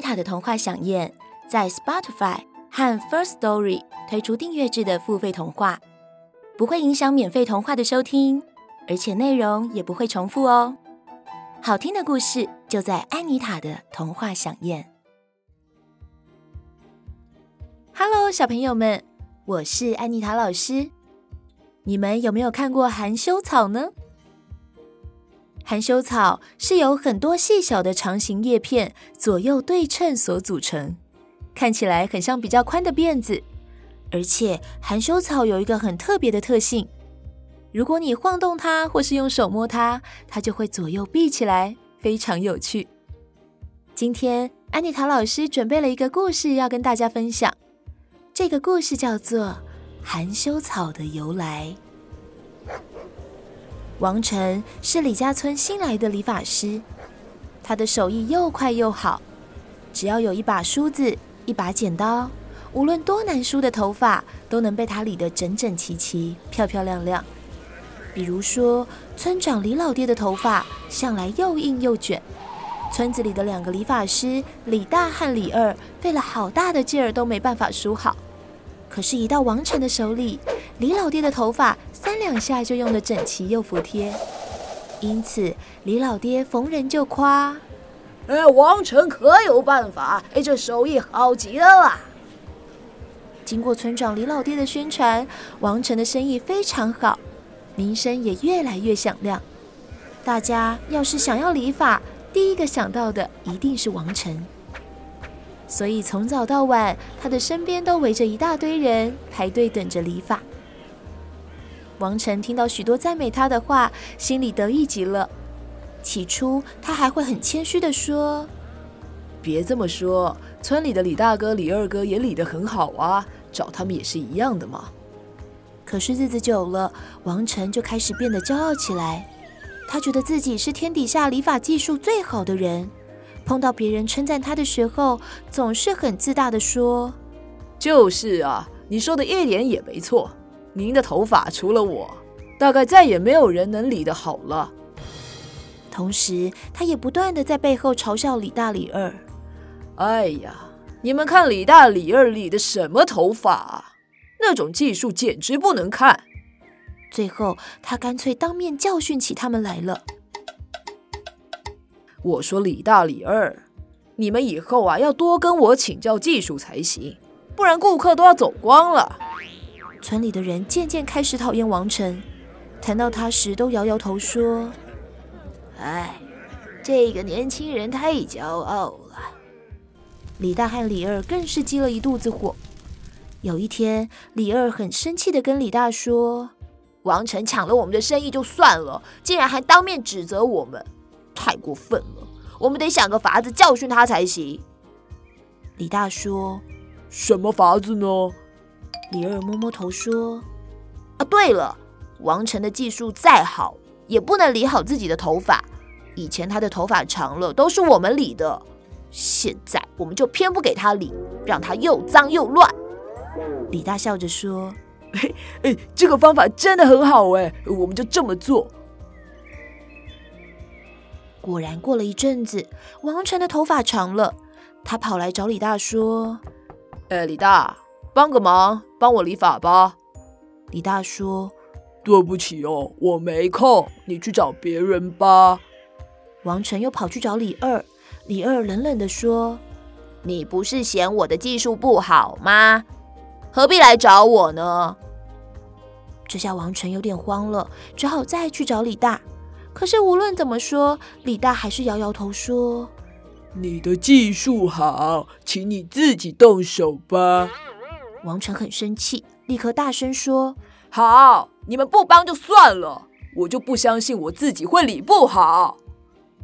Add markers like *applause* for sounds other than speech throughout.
安妮塔的童話饗宴在 Spotify 和 First Story 推出訂閱制的付費童話，不會影響免費童話的收聽，而且內容也不會重複哦。好聽的故事就在安妮塔的童話饗宴。Hello，小朋友們，我是安妮塔老師。你們有沒有看過含羞草呢？含羞草是由很多細小的長形葉片左右對稱所組成，看起來很像比較寬的辮子。而且含羞草有一個很特別的特性：如果你晃動它或是用手摸它，它就會左右閉起來，非常有趣。今天安妮塔老師準備了一個故事要跟大家分享，這個故事叫做《含羞草的由來》。王晨是李家村新來的理髮師，他的手藝又快又好。只要有一把梳子、一把剪刀，無論多難梳的頭髮，都能被他理得整整齊齊、漂漂亮亮。比如說，村長李老爹的頭髮向來又硬又捲，村子裡的兩個理髮師李大和李二費了好大的勁兒都沒辦法梳好，可是，一到王晨的手裡，李老爹的頭髮。三兩下就用得整齊又服帖，因此李老爹逢人就誇：“哎，王成可有辦法！哎，這手藝好極了。”經過村長李老爹的宣傳，王成的生意非常好，名聲也越來越響亮。大家要是想要理髮，第一個想到的一定是王成。所以從早到晚，他的身邊都圍着一大堆人排隊等着理髮。王晨聽到許多讚美他的話，心裡得意極了。起初，他還會很謙虛地說：“別這麼說，村裡的李大哥、李二哥也理得很好啊，找他們也是一樣的嘛。”可是日子久了，王晨就開始變得驕傲起來。他覺得自己是天底下理髮技術最好的人，碰到別人稱讚他的時候，總是很自大的說：“就是啊，你說的一點也沒錯。”您的頭髮除了我，大概再也沒有人能理得好了。同時，他也不斷地在背後嘲笑李大、李二。哎呀，你們看李大、李二理的什麼頭髮啊？那種技術簡直不能看。最後，他乾脆當面教訓起他們來了。我說李大、李二，你們以後啊要多跟我請教技術才行，不然顧客都要走光了。村裡的人漸漸開始討厭王晨，談到他時都搖搖頭說：“哎，這個年輕人太驕傲了。”李大和李二更是積了一肚子火。有一天，李二很生氣地跟李大說：“王晨搶了我們的生意就算了，竟然還當面指責我們，太過分了！我們得想個法子教訓他才行。”李大說：“什麼法子呢？”李二摸摸頭說：“啊，對了，王晨的技術再好，也不能理好自己的頭髮。以前他的頭髮長了，都是我們理的。現在我們就偏不給他理，讓他又髒又亂。”李大笑着說：“嘿，哎，哎，這個方法真的很好哎，我們就這麼做。”果然，過了一陣子，王晨的頭髮長了，他跑來找李大說：“哎，李大，幫個忙。”幫我理髮吧。李大說：“對不起哦，我沒空，你去找別人吧。”王晨又跑去找李二，李二冷冷地說：“你不是嫌我的技術不好嗎？何必來找我呢？”這下王晨有點慌了，只好再去找李大。可是無論怎麼說，李大還是搖搖頭說：“你的技術好，請你自己動手吧。”王成很生氣，立刻大聲說：“好，你們不幫就算了，我就不相信我自己會理不好。”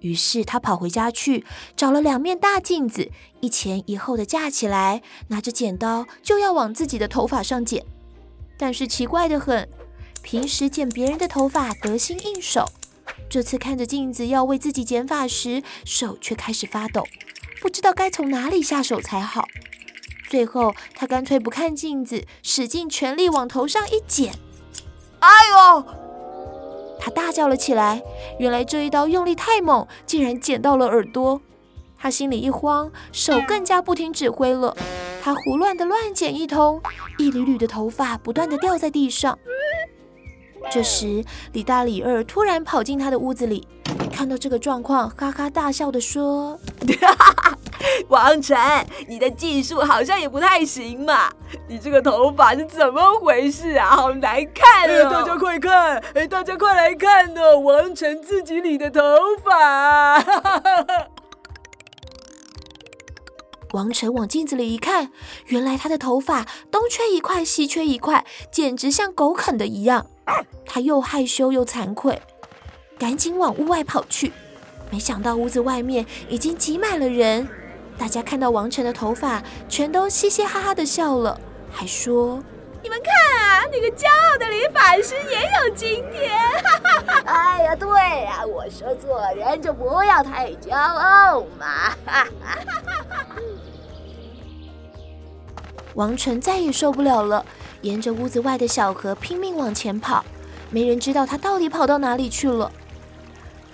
於是他跑回家去，找了兩面大鏡子，一前一後的架起來，拿着剪刀就要往自己的頭髮上剪。但是奇怪得很，平時剪別人的頭髮得心應手，這次看着鏡子要為自己剪髮時，手卻開始發抖，不知道該從哪裡下手才好。最後，他乾脆不看鏡子，使盡全力往頭上一剪。哎呦！他大叫了起來。原來這一刀用力太猛，竟然剪到了耳朵。他心裡一慌，手更加不聽指揮了。他胡亂的亂剪一通，一縷縷的頭髮不斷的掉在地上。這時，李大李二突然跑進他的屋子裡，看到這個狀況，哈哈大笑的說：“哈哈。”王晨，你的技術好像也不太行嘛！你這個頭髮是怎麼回事啊？好難看哦！大家快看，哎，大家快來看哦！王晨自己理的頭髮。 *laughs* 王晨往鏡子裡一看，原來他的頭髮東缺一塊，西缺一塊，簡直像狗啃的一樣。他又害羞又慚愧，趕緊往屋外跑去。沒想到屋子外面已經擠滿了人。大家看到王晨的頭髮，全都嘻嘻哈哈的笑了，還說：“你們看啊，那個驕傲的理髮師也有今天哈哈哈哈！”哎呀，對呀，我說做人就不要太驕傲嘛！哈哈哈哈。王晨再也受不了了，沿着屋子外的小河拼命往前跑，沒人知道他到底跑到哪裡去了。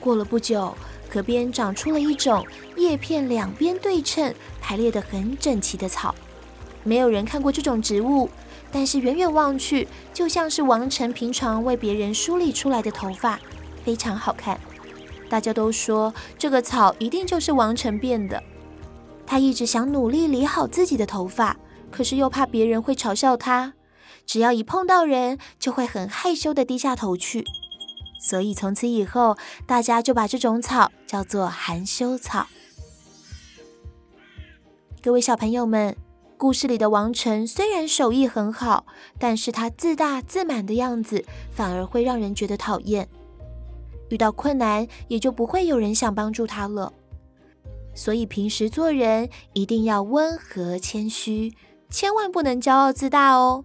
過了不久。河邊長出了一種葉片兩邊對稱排列得很整齊的草，沒有人看過這種植物，但是遠遠望去，就像是王晨平常為別人梳理出來的頭髮，非常好看。大家都說這個草一定就是王晨變的。他一直想努力理好自己的頭髮，可是又怕別人會嘲笑他，只要一碰到人，就會很害羞地低下頭去。所以從此以後，大家就把這種草叫做含羞草。各位小朋友們，故事裡的王成雖然手藝很好，但是他自大自滿的樣子反而會讓人覺得討厭。遇到困難也就不會有人想幫助他了。所以平時做人一定要溫和謙虛，千萬不能驕傲自大哦。